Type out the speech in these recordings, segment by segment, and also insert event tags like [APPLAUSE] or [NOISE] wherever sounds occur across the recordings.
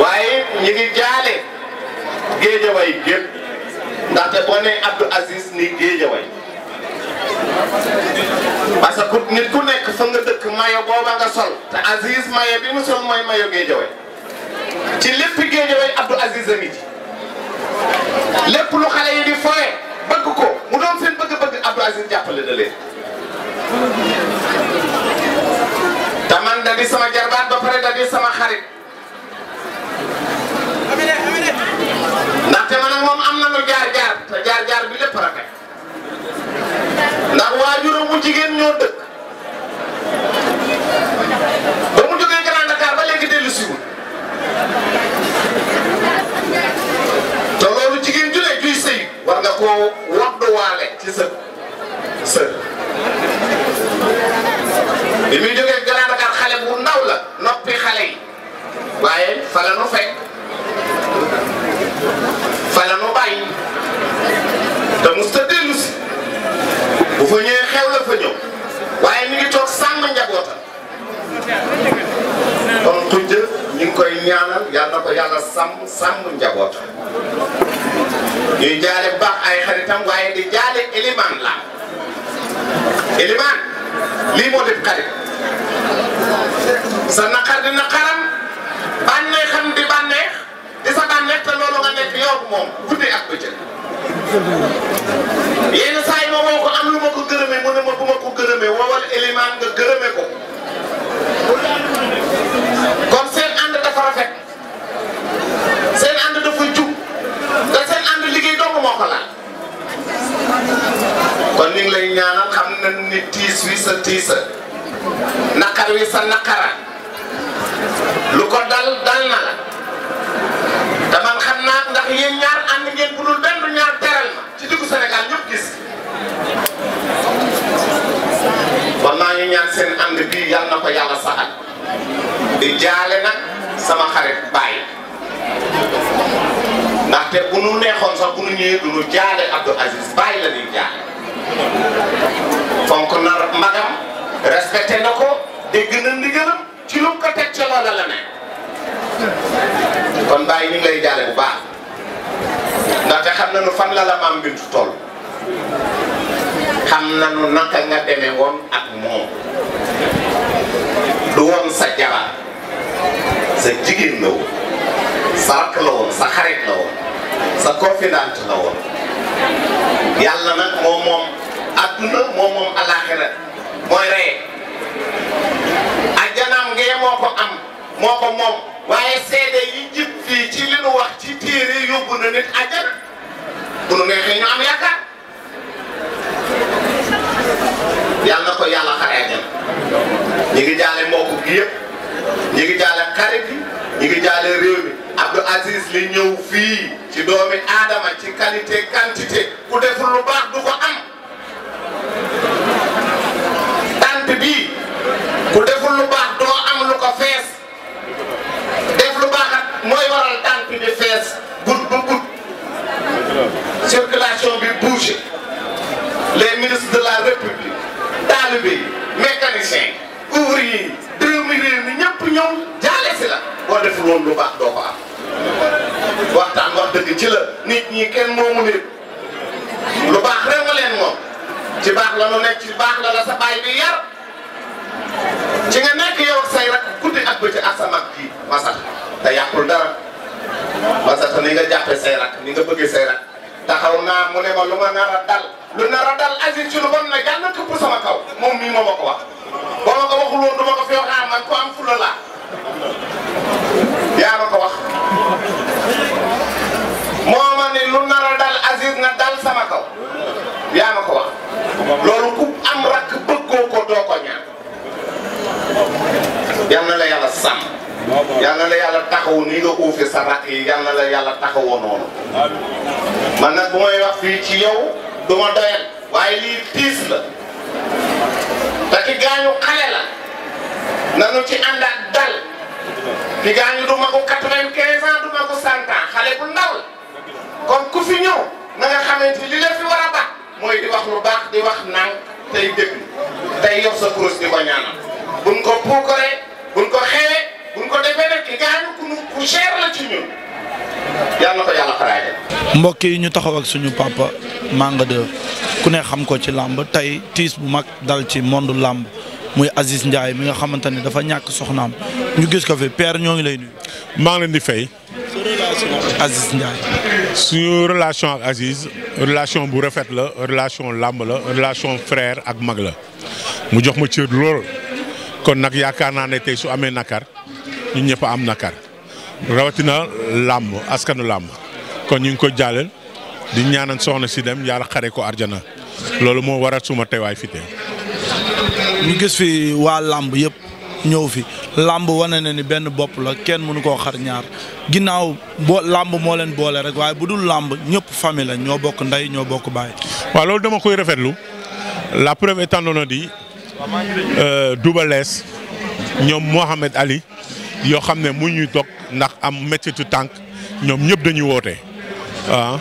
waaye ñu ngi jaale géejaway gépp ndaxte boo nee Abdou ni géejaway parce que nit ku nekk fa nga dëkk mayo booba nga sol te Aziz mayo bi mu sol mooy mayo géejaway ci lépp géejaway Abdou Aziz a ngi lépp lu xale yi di foye bëgg ko mu doon seen bëgg-bëgg Abdou Aziz jàppale na leen te man da di sama jarbaat ba pare da sama xarit te man moom am na jaar jaar te jaar bi lépp rafet ndax waajuram bu jigéen ñoo dëkk ba mu jógee Grand Dakar ba léegi dellu si wul te loolu jigéen ju ne juy sëy war nga koo wadduwaale ci sër sër bi muy jógee Grand Dakar xale bu ndaw la noppi xale yi waaye fa la te mos ta dellu bu fa ñëwee xew la fa ñëw waaye mi ngi toog sàmm njabootam kon xujja ñu ngi koy ñaanal yàlla na ko yàlla sàmm sàmm njabootam ñuy jaale baax ay xaritam waaye di jaale Eliman la Eliman lii moo def xarit sa naqar di naqaram bànneexam di bànneex di sa bànneex te loolu nga nekk yow moom guddi ak bëccëg yenn saa yi ma woo ko am lu ma ko gërëmee mu ne ma bu ma ko gërëmee wowal élément nga gërëmee ko. kon seen ànd dafa rafet seen ànd dafa jub te seen ànd liggéey dong moo ko kon ñu ngi lay ñaanal xam nañ ni tiis wi sa tiisa naqar wi sa naqara lu ko dal dal na la te man xam naa ndax yéen ñaar ànd ngeen budul benn ñaar. ci diggu Sénégal ñëpp gis kon maa ngi ñaan seen ànd bii yal na ko yàlla saxal di jaale nag sama xarit Baye ndaxte bu nu neexoon sax bu nu ñëwee du nu jaale Abdou Aziz Baye la ñuy jaale fonk na magam respecté na ko dégg na ndigalam ci lu ko teg ca loola la ne kon Baye ñu ngi lay jaale bu baax. ndaxte xam na nu fan la bi maam bintu toll na nañu naka nga demee woon ak moom du woon sa jabar sa jigéen la woon sa la woon sa xarit la woon sa confidente la woon yàlla nag moom moom adduna moom moom alaxira mooy reye ajjanaam ngee moo ko am moo ko moom waaye seede yi lii ci li nu wax ci téere yóbbu na nit àjjana bu nu neexee ñu am yaakaar yàlla na ko yàlla xare àjjana ngi jaale mbokk gi yëpp ñi ngi jaale xarit yi ñi ngi jaale réew mi Abdou Aziz li ñëw fii ci doomi aadama ci qualité quantité ku deful lu baax du ko am tant ku deful lu baax fees goutte ba goutte circulation bi bouché les ministres de la république taalibe yi mécanicien ouvrier yi doomi réew mi ñëpp ñoom jaale si la boo deful woon lu baax doo ko am waxtaan wax dëgg ci la nit ñi kenn moomu nit lu baax rek nga leen ci baax la nu nekk ci baax la la sa baay bi yar ci nga nekk yow say rak guddi ak bëccëg asamaan kii masax te yàqul dara ma sa ni nga jàppee say rak ni nga bëggee say rak taxaw naa mu ne ma lu ma nar a dal lu nar a dal Aziz ci lu bon nag yàlla na këpp sama kaw moom mii moo ma ko wax boo ma ko waxul woon du ma ko fi waxaa man ku am fula laa yaa ma ko wax moo ma ne lu nar dal Aziz na dal sama kaw yaa ma ko wax loolu ku am rakk bëggoo ko doo ko ñaan yal na la yàlla sàmm yàlla la yàlla taxawu ni nga uufee sa rakk yi yàlla la yàlla taxawoo noonu man nag bu wax fii ci yow du ma doyal waaye lii tiis la te gaañu xale la nanu ci ànd ak dal ki gaañu du ma ko quatre-vingt-quinze ans du ma xale bu ndaw kon ku fi ñëw na nga xamante li la fi war a mooy di wax lu baax di wax nang tey dégg tey yor sa kurus di ko ñaanal mbokk yi ñu taxaw ak suñu papa Manga 2 ku ne xam ko ci làmb tey tiis bu mag dal ci monde làmb muy Aziz Ndiaye mi nga xamante ne dafa ñàkk soxnaam ñu gis ko fi père ñoo ngi lay nuyu. maa ngi leen di fay. su relation ak Aziz suñu relation ak Aziz relation bu rafet la relation làmb la relation frère ak mag la mu jox ma cër lool kon nag yaakaar naa ne tey su amee nakar ñun ñëpp am nakar rawatina làmb askanu làmb. kon ñu ngi ko jàllal di ñaanal soxna si dem yàlla xare ko arjana loolu moo waral suma tewaay fi ñu gis fi waa làmb yëpp ñëw fi làmb wane na ni benn bopp la kenn mënu ko xar ñaar ginnaaw boo làmb moo leen boole rek waaye bu dul làmb ñëpp famille la ñoo bokk ndey ñoo bokk baay. waaw loolu dama koy rafetlu la preuve étant di euh, Double Less ñoom Mohamed Ali yoo xam ne mu ñuy toog ndax am métitu tànk ñoom ñëpp dañuy woote. ah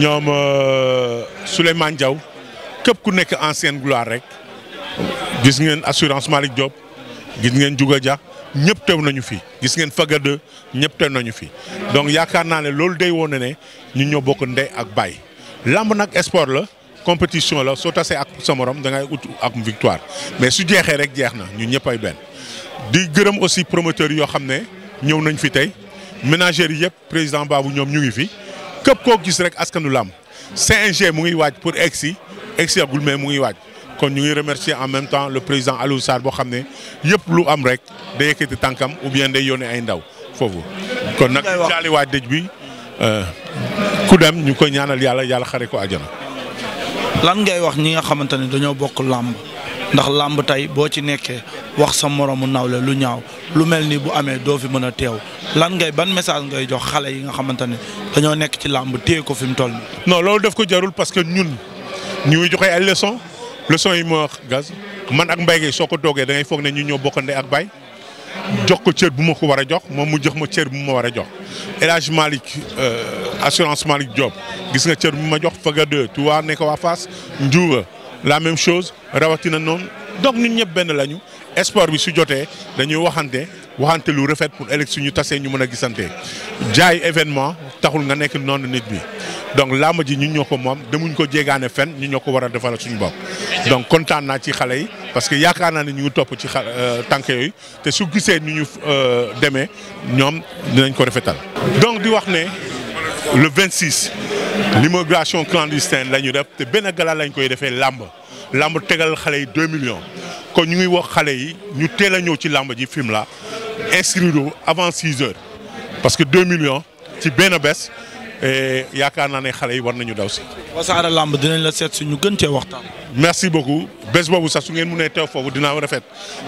ñoom euh, Souleymane Diaw képp ku nekk ancienne gloire rek gis ngeen assurance Malick Diop gis ngeen Juga Dia ñëpp tew nañu fi gis ngeen Faga de ñëpp teew nañu fi donc yaakaar naa ne loolu day woon ne ñu ñoo bokk ndee ak baay lamb nag sport la compétition la soo tasee ak sa morom da ngay ut ak victoire mais su jeexee rek jeex na ñu ñëpp ay benn. di gërëm aussi promoteurs yoo xam ne ñëw nañ fi tey ménagères yi yëpp président baabu ñoom ñu ngi fi. képp koo gis rek askanu làmb CNG mu ngi waaj pour egg si egg si agul mais mu ngi waaj kon ñu ngi remercier en même temps le président Alioune Sarr boo xam ne yëpp lu am rek day yëkkati tànkam ou bien day yónnee ay ndaw foofu kon nag jaali waaj dëj bi euh, ku dem ñu koy ñaanal yàlla yàlla xare ko àjjana lan ngay wax ñi nga xamante ne dañoo bokk làmb ndax làmb tey boo ci nekkee wax sa moromu nawle lu ñaaw lu mel nii bu amee doo fi mën a teew lan ngay ban message ngay jox xale yi nga xamante ne dañoo nekk ci làmb téye ko fi mu toll nii. non loolu def ko jarul parce que ñun ñu ngi joxe ay leçons leçons yi moo gaz man ak Mbaye soo ko doogee da foog ne ñu ñoo bokkande ak Baye jox ko cër bu ma ko war a jox moom mu jox ma cër bu ma war a jox El Hadj Malick euh, assurance Malick Diop gis nga cër bu ma jox Faga 2 tu vois ne ko waa fas Ndiouga la même chose rawatina noonu donc ñëpp benn lañu. espoir bi su jotee dañuy waxante waxante lu rafet pour ëllëg ñu tasee ñu mën a gisante jaay événement taxul nga nekk noonu nit bi donc làmb ji ñu ñoo ko moom demuñ ko jéegaane fen ñu ñoo ko war a defal suñu bopp. donc kontaan naa ci xale yi parce que yaakaar naa ne ñu ngi topp ci xa euh, tànk yooyu te su gisee ni ñu euh, demee ñoom dinañ ko rafetal. donc di wax ne le 26 l'immigration clandestine la ñu def te benn gala lañ koy defee làmb. làmb tegal xale yi 2 millions kon ñu ngi wax xale yi ñu teel a ñëw ci làmb ji fim la inscrire avant 6 heures parce que 2 millions ci benn bés eh, yaakaar naa ne xale yi war nañu daw si. Wassare làmb dinañ la seet si ñu gën cee waxtaan. merci beaucoup bés boobu sax su ngeen mënee teew foofu dinaa rafet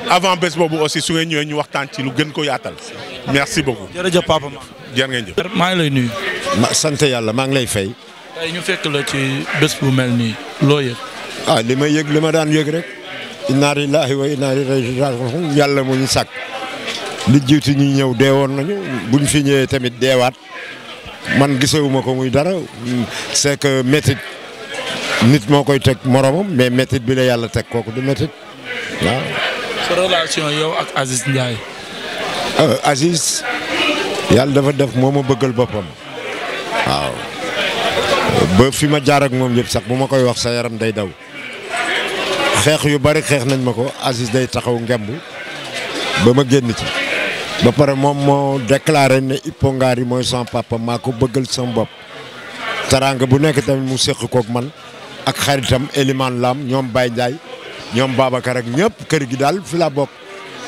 avant bés boobu aussi su ngeen ñëwee ñu waxtaan ci lu gën ko yaatal merci beaucoup. jërëjëf papa ma. jërë ngeen jëf. maa ngi lay nuy ma sant yàlla maa ngi lay fay. tey ñu fekk la ci bés bu mel nii loo ah li ma yëg li ma daan yëg rek inna lillahi wa inna ilayhi raaji'uun yàlla mu ñu sàkk li jiitu ñu ñëw deewoon nañu buñ fi ñëwee tamit deewaat man gisewuma ko muy dara c'est que métit nit moo koy teg moromam mais métit bi la yàlla teg kooku du métit waaw. sa relation yow ak Aziz Ndiaye. Euh, Aziz yàlla dafa def moo ma bëggal boppam waaw ba fi ma jaar ak moom yëpp sax bu ma koy wax sa yaram day daw. xeex yu bari xeex nañ ma ko Aziz day taxaw ngemb ba ma génn ci ba pare moom moo déclaré ne ipongaar yi mooy sama papa maa ko bëggal sama bopp teraanga bu nekk tamit mu séq kook man ak xaritam Eliman Lam ñoom bay Ndiaye ñoom Babacar ak ñëpp kër gi daal fi laa bokk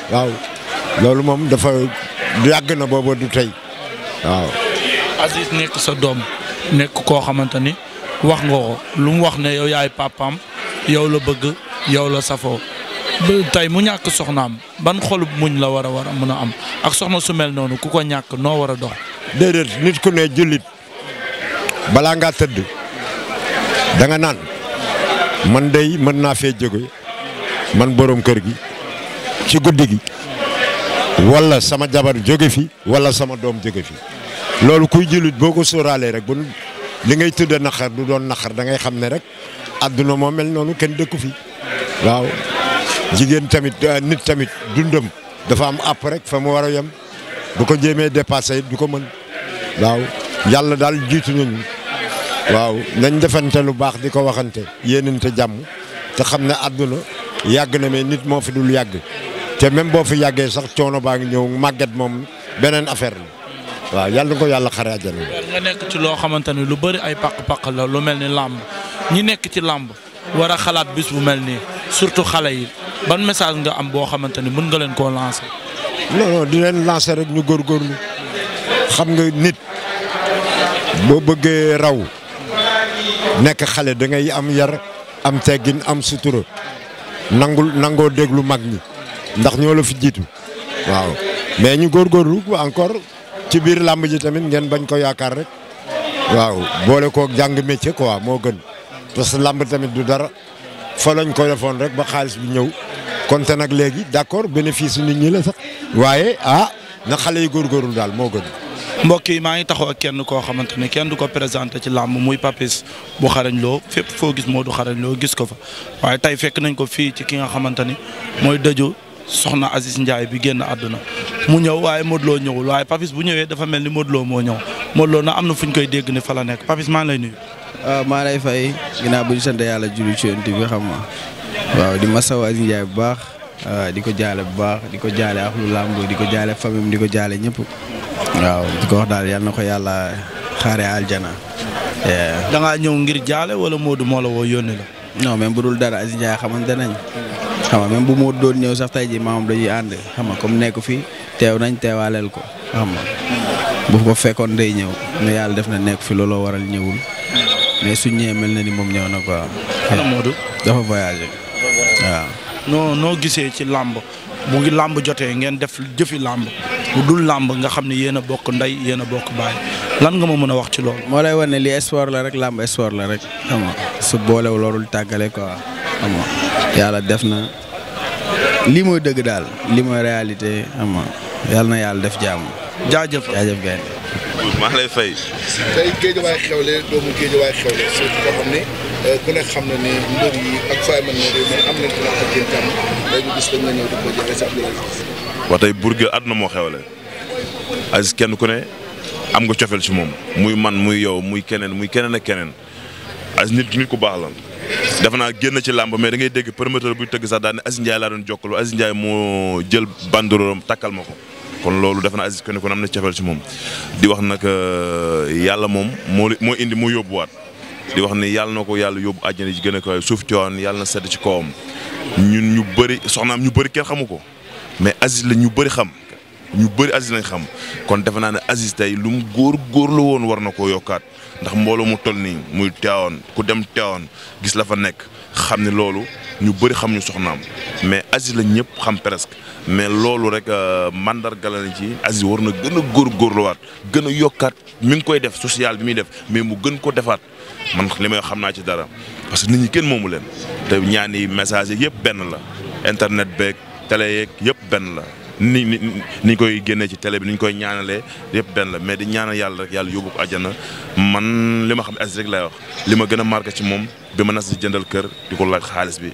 waaw loolu moom dafa yàgg na booba du tey waaw Aziz nekk sa doom nekk koo xamante ni wax nga ko lu mu wax ne yow yaay papaam yow la bëgg yow la safoo tey mu ñàkk soxnaam ban xolub muñ la war a war a mën a am ak soxna su mel noonu ku ko ñàkk noo war a dox. déedéet nit ku ne jullit balaa ngaa tëdd danga naan man dey mën naa fee jóge man borom kër gi ci guddi gi walla sama jabar jóge fi wala sama doom jóge fi loolu kuy jullit boo ko sóoraalee rek bu li ngay tëdd naqar du doon naqar dangay xam ne rek àdduna moo mel noonu kenn dëkku fi. waaw jigéen tamit euh, nit tamit dundam dafa am àpp rek fa mu war a yem bu ko jéemee dépassé du ko mën waaw yàlla daal jiitu nañu waaw nañ defante lu baax di ko waxante yéenante jàmm te xam ne àdduna yàgg na mais nit moo fi dul yàgg te même boo fi yàggee sax coono baa ngi ñëw màgget moom beneen affaire la waaw yàlla ko yàlla xare àjjana nga nekk ci loo xamante ni lu bari ay pàq-pàq la lu mel ni làmb ñi nekk ci làmb war a xalaat bis mel nii surtout xale yi ban message nga am boo xamante ni mën nga leen koo lancer. non non di leen lancer rek ñu góorgóorlu xam nga nit boo bëggee raw nekk xale dangay am yar am teggin am sutura nangul nangoo déglu mag ñi ndax ñoo la fi jiitu waaw mais ñu góorgóorlu encore ci biir làmb ji tamit ngeen bañ ko yaakaar rek waaw boole koo jàng métier quoi moo gën parce que làmb tamit du dara. fa lañ ko defoon rek ba xaalis bu ñëw konte nag léegi d'accord bénéfice nit ñi la sax waaye ah na xale yi góorgóorlu daal moo gën. mbokk yi maa ngi taxaw ak kenn koo xamante ne kenn du ko présenté ci làmb muy Papis bu xarañ loo fépp foo gis moo du xarañ loo gis ko fa waaye tey fekk nañ ko fii ci ki nga xamante ni mooy dëju soxna Aziz Ndiaye bi génn àdduna mu ñëw waaye Modou Lo ñëwul waaye Papis bu ñëwee dafa mel ni Modou moo ñëw Modou na am na fu ñu koy dégg ne fa la nekk Papis maa nuyu. Euh, maa lay fay ginnaaw bu ñu sant yàlla julli ci yonent bi xam waaw di ma Aziz Ndiaye bu baax euh, di ko jaale bu baax di ko jaale ak lu làmb di ko jaale famille di ko jaale ñépp waaw di ko wax daal na ko yàlla xaare aljana. da ngaa ñëw ngir jaale wala Modou moo la woo yónni la. non même bu dul dara Aziz Ndiaye xamante nañ. xam nga même bu Modou doon ñëw sax tey jii maamam dañuy ànd xam nga comme nekk fi teew nañ teewaaleel ko xam bu ko fekkoon day ñëw mais yàlla def na nekk fi looloo waral ñëwul. mais suñ ñëwee mel na ni moom ñëw na quoi. ana Modou. dafa voyagé waaw. noo noo gisee ci làmb bu ngi làmb jotee ngeen def jëfi làmb bu dul làmb nga xam ne yéen a bokk ndey yéen a bokk baay lan nga ma mën a wax ci loolu. moo lay wan ne lii espoir la rek làmb espoir la rek xam nga su boolew loolul tàggale quoi xam yàlla def na lii mooy dëgg daal lii mooy réalité yàlla na yàlla def jàmm. jaajëf jaajaf gaynde maa lay fay. tey géejawaay xewle doomu géejawaay xewle si ko xam eh, ne ku nekk xam na ni mbër yi ak fay man ne réew mi am nañ àdduna moo xewle Aziz kenn ku ne am nga cofeel si moom muy man muy yow muy keneen muy keneen ak keneen Aziz nit nit ku baax la. def naa génn ci làmb mais da ngay dégg promoteur buy tëgg sax daal ne Aziz Ndiaye laa doon jokkaloo Aziz Ndiaye moo jël banderoolam takkal ma ko. kon loolu defe naa Aziz ko ne kon am na cafeel si moom di wax nag euh, yàlla moom moo moo indi mu yóbbuwaat di wax ni yàlla na ko yàlla yóbbu àjjana ji gën a kaw suuf Tiwaawan yàlla na sedd ci kawam ñun ñu bëri soxnaam ñu bëri kenn xamu ko mais Aziz la ñu bëri xam. ñu bëri Aziz lañ xam kon defe naa ne Aziz tey lu mu góor góorlu woon war na koo yokkaat ndax mbooloo mu toll nii muy teewoon ku dem teewoon gis la fa nekk xam ne loolu ñu bëri xam ñu soxnaam mais Aziz la ñëpp xam presque mais loolu rek euh, mandarga la ci Aziz war na gën a góorgóorluwaat gën a yokkaat mi ngi koy def social bi muy def mais mu gën ko defaat man li may xam naa ci dara parce que nit ñi kenn moomu leen te ñaani message yi yëpp benn la internet beeg télé yeeg yëpp benn la. ni ni ñu koy génnee ci télé bi ni ñu koy ñaanalee yëpp benn la mais di ñaanal yàlla rek yàlla yóbbu ko àjjana man li ma xam Aziz rek lay wax li ma gën a marqué ci moom bi ma nas di jëndal kër di ko laaj xaalis bi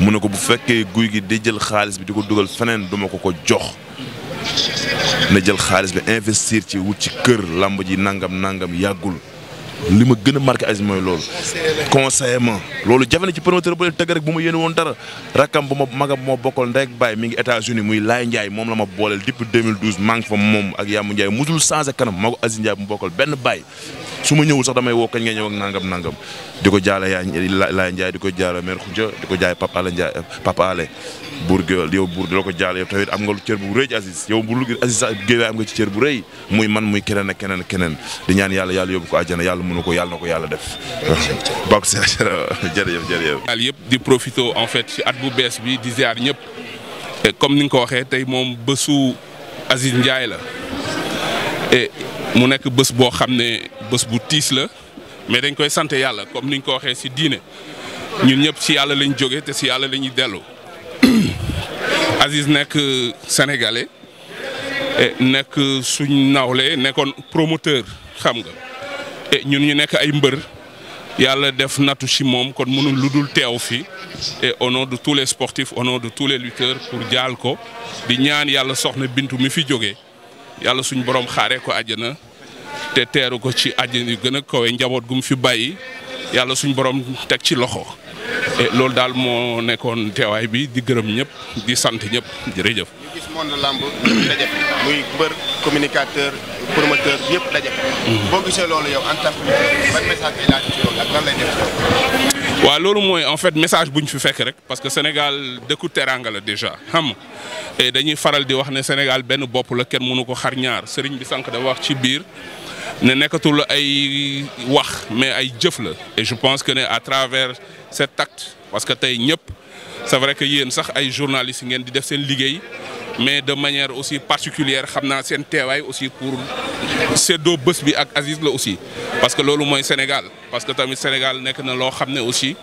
mu ne ko bu fekkee guy gi di jël xaalis bi di ko dugal feneen duma ko ko jox na jël xaalis bi investir ci wut ci kër làmb ji nangam nangam yàggul li ma gën a marqué Aziz mooy loolu. conseiller loolu jafe na ci promoteur bu leen tëgg rek bu ma yéene woon dara rakkam bu ma magam moo bokkal ndey ak baay mi ngi États-Unis muy Laye Ndiaye moom la ma booleel depuis 2012 maa ngi fa moom ak Yamou Ndiaye musul changé kanam maa ko Aziz Ndiaye mu bokkal benn baay su ma ñëwul sax damay woo kañ nga ñëw ak nangam nangam di ko jaala yaa Laay Njaay di ko jaale mère Khoudia di ko jaay Papa Alé Njaay Papa Alé buur yow buur di la ko jaale yow tamit am nga lu cër bu rëy ci Aziz yow bu lu bu rëy muy man muy keneen ak keneen keneen di ñaan yàlla yàlla yóbbu ko àjjana yàlla mënu ko yàlla ko yàlla def bokk si jërëjëf jërëjëf yàlla yëpp di profité en fait ci at bu bees bi di ziar ñëpp comme ni nga ko waxee tey moom bësu Aziz Njaay la mu nekk bés boo xam ne bés bu tiis la mais dañ koy sant yàlla comme niñ ko waxee ci diine ñun ñëpp ci yàlla lañu jóge te ci yàlla la ñuy dellu [COUGHS] Aziz nekk sénégalais eh, nekk suñ nawle nekkoon promoteur xam nga eh, ñun ñu nekk ay mbër yàlla def nattu ci moom kon mënul lu dul teew fi et au nom de tous les sportifs au nom de tous les lutteurs pour jaal ko di ñaan yàlla soxna Bintu mi fi jóge yàlla suñu boroom xaaree ko àjjana te teeru ko ci àjjana yu gën a kawe njaboot gu mu fi bàyyi yàlla suñu borom teg ci loxo loolu daal moo nekkoon teewaay bi di gërëm ñëpp di sant ñëpp jërëjëf. ñu gis monde lamb daje muy mbër communicateur promoteur yëpp daje. Mm-hmm. boo gisee loolu yow en tant que ban message ngay laaj ci loolu ak lan lay waaw loolu mooy en fait message bu ñu fi fekk rek parce que Sénégal dëkku teranga la déjà xam et dañuy faral di wax ne Sénégal benn bopp la kenn mënu ko xar ñaar sëriñ bi sànq dafa wax ci biir ne nekkatul ay wax mais ay jëf la et je pense que ne à travers cet acte parce que tey ñëpp c'est vrai que yéen sax ay journalistes ngeen di def seen liggéey mais de manière aussi particulière xam naa seen teewaay aussi pour seddoo bës bi ak Aziz la aussi parce que loolu mooy Sénégal parce que tamit Sénégal nekk na loo xam ne aussi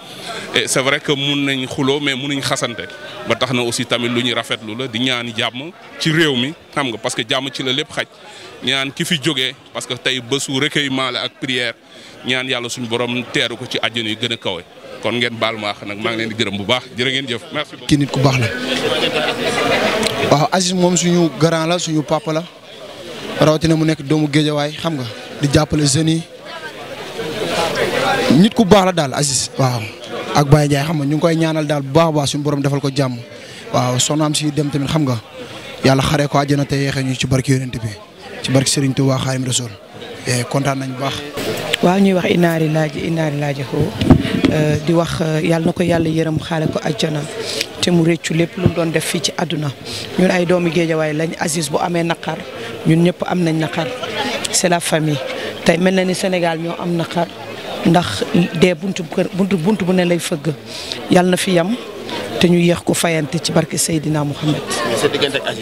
et c'est vrai que mun nañ xuloo mais mun munuñ xasante ba tax na aussi tamit lu ñuy rafetlu la di ñaan jàmm ci réew mi xam nga parce que jàmm ci la lépp xaj ñaan ki fi jógee parce que tey bésu recueillement la ak prière ñaan yàlla suñu borom teeru ko ci àjjana yi gën a kawe kon ngeen baal ma nag maa ngi leen di gërëm bu baax jërë ngeen jëf merci beaucoup. kii nit ku baax la waaw Aziz moom suñu grand la suñu papa la rawatina mu nekk doomu géejawaay xam nga di jàppale jeunes yi nit ku baax la daal Aziz waaw ak baay Ndiaye xam nga ñu ngi koy ñaanal daal bu baax baax suñu boroom defal ko jàmm waaw soxnaam si dem tamit xam nga yàlla xare ko àjjana te yeexee ñu ci barki yonent bi ci barki Serigne Touba Xaadimu Rasuul eh, kontaan nañ bu baax. waaw ñuy wax inaari laaji Euh, di wax euh, yàlla na ko yàlla yërëm xaare ko àjjana te mu réccu lépp lu mu doon def fii ci àdduna ñun ay doomi géejawaay lañ Aziz bu amee naqar ñun ñëpp am nañ naqar c'est la famille tey mel na ni Sénégal ñoo am naqar ndax dee buntu buntu bu ne lay fëgg yàlla na fi yam te ñu yéex ko fayante ci barke Seydina Mouhamed. sa diggante ak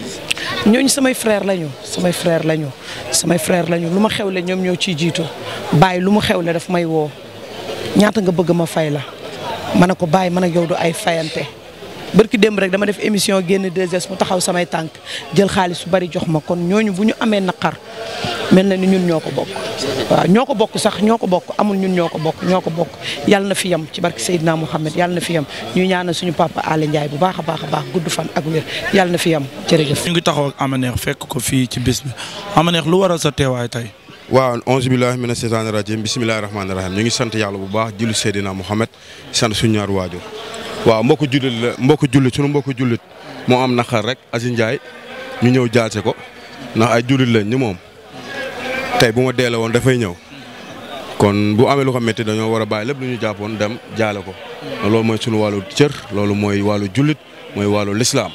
ñooñu samay frère lañu samay frère lañu samay frère lañu lu ma xew xewle ñoom ñoo ciy jiitu bàyyi lu mu xewle daf may woo. ñaata nga bëgg ma fay la ma ne ko bàyyi man ak yow du ay fayante bërki démb rek dama def émission génn 2S mu taxaw samay tànk jël xaalis su bari jox ma kon ñooñu bu ñu amee naqar mel na ni ñun ñoo ko bokk ñoo ko bokk sax ñoo ko bokk amul ñun ñoo ko ñoo ko bokk yàlla na fi yem ci barki Seydina Mouhamed yàlla na fi yem ñuy ñaana suñu papa Alé Ndiaye bu baax a baax a baax gudd fan ak wér yàlla na fi yem jërëjëf. ñu ngi taxaw ak Amanekh fekk ko fii ci bis bi Amanekh lu waral sa teewaay tey. waaw onze billahi mina seytaani rajim bisimilahi rahmaani rahim ñu ngi sant yàlla bu baax julli Seydina Mohamed sant suñu ñaar waajur waaw mbokku jullit la mbokku jullit suñu mbokku jullit moo am naqar rek Aziz Ndiaye ñu ñëw jaase ko ndax ay jullit lañ ni moom tey bu ma deele woon dafay ñëw kon bu amee lu ko métti dañoo war a bàyyi lépp lu ñu jàppoon dem jaale ko loolu mooy suñu wàllu cër loolu mooy wàllu jullit mooy wàllu lislaam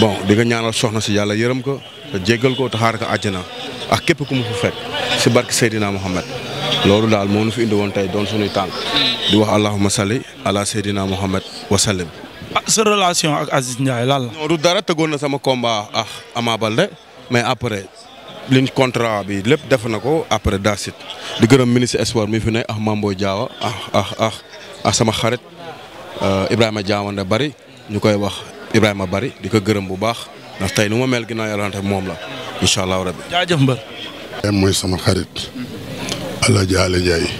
bon di nga ñaanal soxna si yàlla ko te jéggal ko te xaar ak képp ku mu fu fekk si barke Seydina Mohamed loolu daal moo nu fi indi woon tey doon sunuy tànk di wax allahuma salli ala Seydina Mohamed wa sallim. Ah, sa relation ak Aziz Ndiaye lan la. non dara tegoon na sama komba ak Ama Baldé mais après liñ contrat bi lépp def na ko après dasit di gërëm ministre espoir mi fi ne ak Mamboy Diawa ak sama xarit euh, Ibrahima Diawande bari ñu koy wax Ibrahima bari di ko gërëm bu baax. ndax tey nu ma mel ginnaaw yàlla na moom la incha allahu rabbi. jaajëf mbër. sama xarit. El Hadj Alé Ndiaye.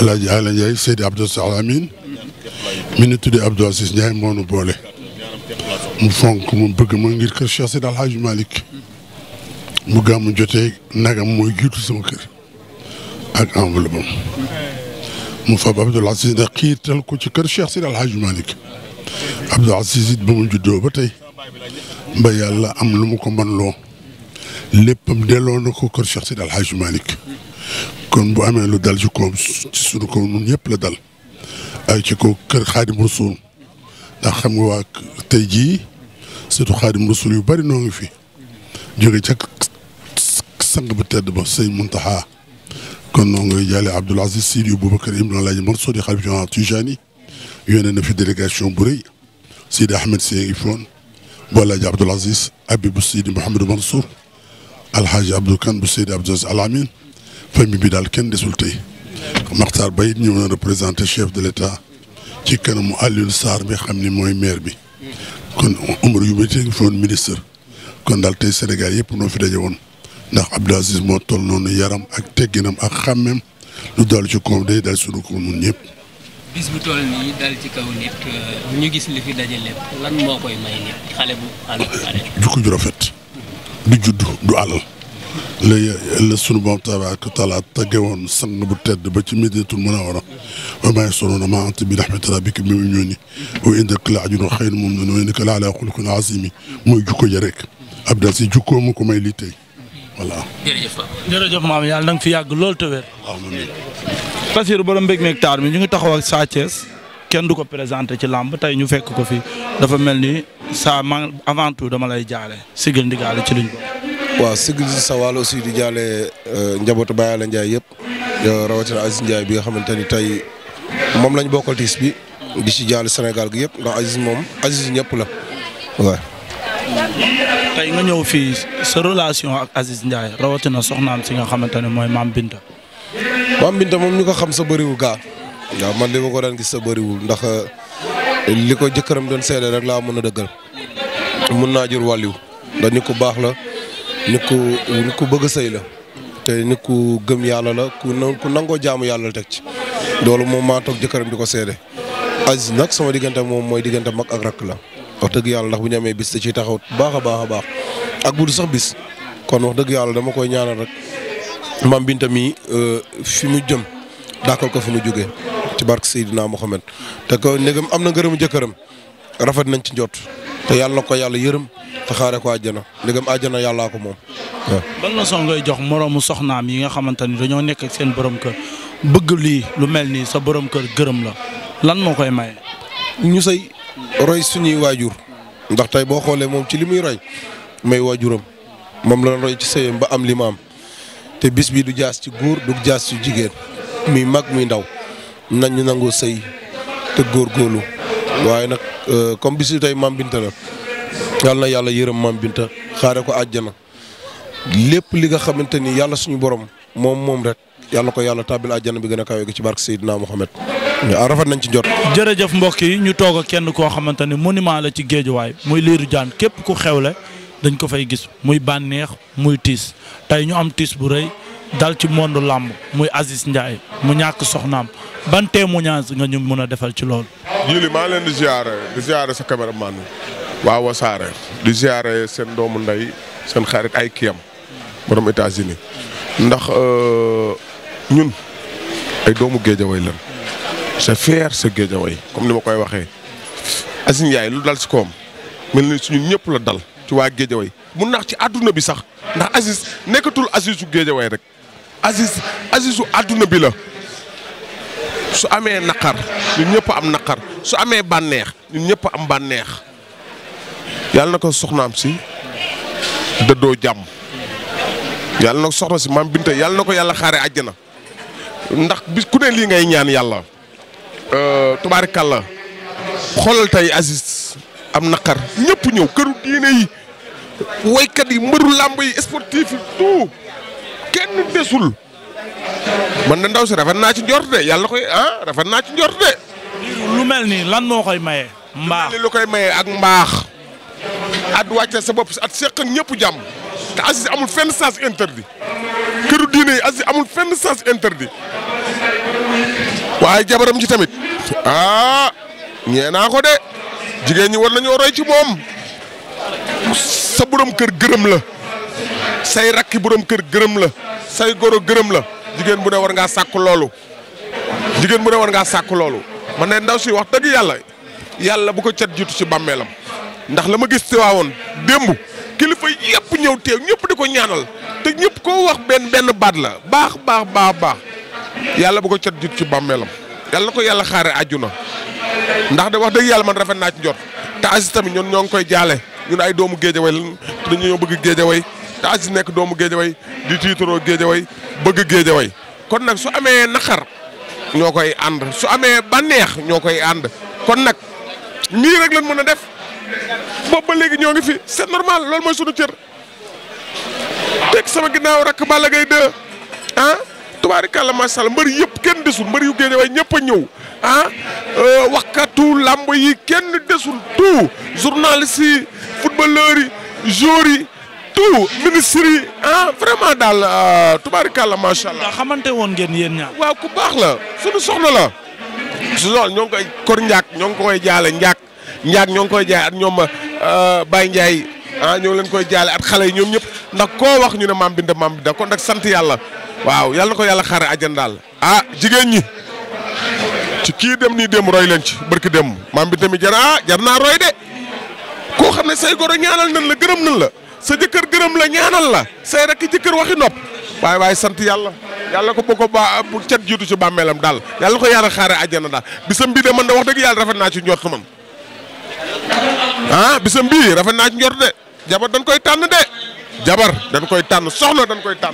El Hadj Alé Ndiaye Seydi Abdou Salamin mi ñu tuddee Abdou Aziz Ndiaye moo nu boole. mu fonk mu bëgg ma ngir kër Cheikh Seydi El Hadj Malick. mu gàmm jotee nagam mooy jiitu sama kër. ak enveloppe am. mu fab Abdou Aziz nag xiirtal ko ci kër Cheikh Seydi El Hadj Malick. Abdou Aziz ba mu juddoo ba tey. ba yàlla am lu mu ko mën loo léppam delloo na ko kër Cheikh Sidi El Hadj kon bu amee lu dal ci koom ci sunu koom ñun ñëpp la dal ay ci ko kër Xaadim Rasul ndax xam nga waa tey jii surtout Xaadim Rasul yu bari noo ngi fi jóge ca sang bu tedd ba sëñ Muntaxa kon noo ngi jàllee Abdoul Aziz Sidi Boubacar Ibn Alaaji Mansour di xalifa Tijani yónnee na fi délégation bu rëy Sidi Ahmed Sy ngi Boolaaji Abdoul Aziz Habib bu Seydi Mouhamadou Mansour Alhaji Abdou Kane bu Seydi Abdoul Aziz Al Amine famille bi daal kenn desul tey Makhtar Bay ñëw na représenté chef de l' état ci kanamu Alioune Sarr mi xam ni mooy maire bi kon Omar yu métti ngi kon daal tey Sénégal yëpp noo fi daje woon ndax Abdoul Aziz moo toll noonu yaram ak tegginam ak xàmmeem lu daal ci koom day daal sunu ko ñun ñëpp. bis bu euh, jukko ju rafet. du judd du alal. léegi la sunu borom tabaaraka wa taala taggewoon sang bu tedd ba ci Madinatul Munawwara wa maa yash'uruuna maa anta bi ni'mati rabbika bi majnuun wa innaka la ajrun ghayrun mamnuun wa innaka la alaa xuluqin aziim mooy jukko ja rek. Abdel si jukkoo may lii voilà jërëjëf jërëjëf maam yàlla na nga fi yàgg lool te wér. Basiru borom mbég meeg taar mi ñu ngi taxaw ak Sa Thiès kenn du ko présenté ci làmb tey ñu fekk ko fi dafa mel ni saa man avant tout dama lay jaale sigil ndigaale ci luñ bokk. waaw sigil sa wàll aussi di jaale euh, njabootu Baye Alla Ndiaye yëpp rawatina Aziz Ndiaye bi nga xamante ni tey moom lañ bokkal tiis bi di ci jaale Sénégal gi yëpp ndax Aziz moom Aziz ñëpp la tey nga ñëw fii sa relation ak Aziz Ndiaye rawatina soxnaam si nga xamante ne mooy Mame Binta. Mame Binta moom ñu ko xam sa bëriwul gaa. waaw man li ko daan gis sa bariwul ndax eh, li ko jëkkëram doon seede rek laa mën a dëggal. mun naa jur wàlliw ndax ku baax la nit ku nit ku bëgg sëy la te nit ku gëm yàlla la ku ku nangoo jaamu yàlla la teg ci loolu moom maa toog jëkkëram di ko seede Aziz nag sama diggante moom mooy diggante mag ak rakk la wax dëgg yàlla ndax bu ñu amee bis da ciy taxaw baax a baax a baax ak bu du sax bis kon wax dëgg yàlla dama koy ñaanal rek maam Binta mi euh, fi mu jëm daakal ko fi mu jógee ci barke Seydina Mohamed te ko ndegam am na ngërëmu jëkkëram rafet nañ ci njot te yàlla ko yàlla yërëm te xaare ko àjjana ndegam àjjana yàllaa ko moom waaw. ban leçon ngay jox moroomu soxnaam yi nga xamante ni dañoo nekk seen borom kër bëgg lii lu mel nii sa borom kër gërëm la lan moo koy maye. ñu sëy roy suñuy waajur ndax tey boo xoolee moom ci li muy roy may waajuram moom la roy ci sëyam ba am li ma am te bis bi du jaas ci góor du jaas ci jigéen muy mag muy ndaw nañu nangoo sëy te góor góorlu waaye nag euh, comme bis bi tey maam Binta la yal na yàlla yërëm maam Binta xaare ko àjjana lépp li nga xamante ni yàlla suñu borom moom moom rek yàlla ko yàlla tàbbil àjjana bi gën a kawe gi ci barke Seydina Mohamed. waaw rafet nañ ci jot. jërëjëf mbokk yi ñu toog ak kenn koo xamante ne monument la ci géejuwaay muy Lirou Diane képp ku xewle dañ ko fay gis muy bànneex muy tiis tey ñu am tiis bu rëy dal ci monde làmb muy Aziz Ndiaye mu ñàkk soxnaam ban témoignage nga ñu mën a defar ci loolu. yii maa leen di ziare di ziare sa caméraman waa Wasaare di ziare seen doomu ndey seen xarit ay kiyam borom États-Unis ndax euh, ñun ay doomu géejawaay lan c'est fier sa Guédiawaye comme ni ma koy waxee Aziz Ndiaye lu dal si koom mel ni suñu ñëpp la dal ci waa Guédiawaye mu nax ci àdduna bi sax ndax Aziz nekkatul Aziz su Guédiawaye rek Aziz Aziz àdduna bi la su amee naqar ñun ñëpp am naqar su amee bànneex ñun ñëpp am bànneex yàlla na ko soxnaam si doo jàmm yàlla na soxna si maam Binta yàlla na ko yàlla xaare àjjana ndax bi ku ne lii ngay ñaan yàlla tubaari euh, tubaarikàlla xoolal tey Aziz am naqar ñëpp ñëw këru diine yi woykat yi mbëru làmb yi sportif yi tout kenn desul man de ndaw si rafet naa ci njort de yàlla koy ah rafet naa ci njort de. lu mel nii lan moo koy maye. mbaax lu koy maye ak mbaax. at wàcc sa bopp at seq ñëpp jàmm te Aziz amul fenn sens interdit këru diine yi Aziz amul fenn sens interdit. waaye jabaram ci tamit ah ñee naa ko de jigéen ñi war nañoo roy ci moom sa borom kër gërëm la say rakki borom kër gërëm la say goro gërëm la jigéen bu ne war ngaa sàkk loolu jigéen bu ne war ngaa sàkk loolu man ne ndaw si wax dëgg yàlla yàlla bu ko cat jiitu ci bàmmeelam ndax la ma gis te waawoon démb kilifa yëpp ñëw teew ñëpp di ko ñaanal te ñëpp koo wax benn benn baat la baax baax baax baax yàlla bu ko cat jut ci bàmmeelam yàlla na ko yàlla xaare na ndax de wax dëgg yàlla man rafet naa ci njot te Aziz tamit ñun ñoo ngi koy jaale ñun ay doomu géejaway lan te dañu ñoo bëgg géejaway te Aziz nekk doomu géejaway di tiitaroo géejaway bëgg géejaway kon nag su amee naxar ñoo koy ànd su amee bànneex ñoo koy ànd kon nag nii rek lañ mën a def boobu ba léegi ñoo ngi fi c'est normal loolu mooy sunu cër teg sama ginnaaw rakk Balla Gaye 2 tubaarikàlla macha allah mbari yëpp kenn desul mbër yu géej waaye ñëpp a ñëw ah euh, waxkatu làmb yi kenn desul tout journaliste yi footballeur yi joueur yi tout ministre yi ah vraiment daal euh, tubaarikàlla macha xamante woon ngeen yéen ñaar. waaw ku baax la suñu soxna la. su soxla koy kor njaak ñoo koy jaale njaak njaak ñoo ngi koy jaay ak ñoom euh, Baye Ndiaye ah ñoo ngi leen koy jaale ak xale yi ñoom ñëpp ndax koo wax ñu ne maam Binda maam Binda kon nag sant yàlla. waaw yàlla na ko yàlla xaare àjjan daal ah jigéen ñi ci kii dem nii dem roy leen ci ki dem maam bi tamit jar ah jar naa roy de koo xam ne say goro ñaanal nan la gërëm nan la sa jëkkër gërëm la ñaanal la say rakk jëkkër waxi nopp waaye waaye sant yàlla yàlla ko bu ko ba bu cet jiitu ci bàmmeelam daal yàlla ko yàlla xaare àjjana daal bisam bii de man de wax dëgg yàlla rafet naa ci njort man ah bisam bii rafet naa ci njort de jabar dañ koy tànn de jabar dañ koy tànn soxna dañ koy tànn